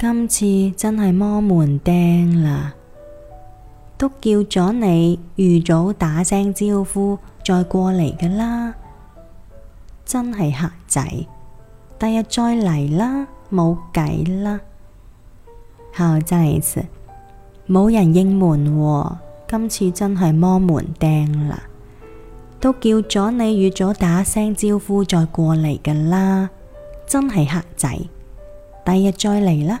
今次真係摸門釘啦。都叫咗你預早打聲招呼再過嚟噶啦。真係黑仔。第日再嚟啦，冇計啦，客仔、就是，冇人應門。哦，今次真係摸門釘啦。都叫咗你預早打聲招呼再過嚟噶啦。真係黑仔。第日再嚟啦。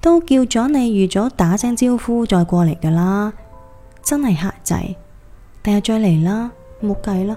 都叫咗你預早打聲招呼再過嚟噶啦，真係黑仔。第日再嚟啦，冇計啦。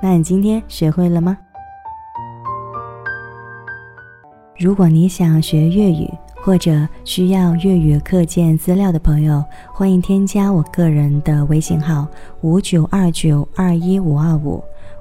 那你今天學會了嗎？如果你想學粵語或者需要粵語課件資料的朋友，歡迎添加我個人的微信號五九二九二一五二五。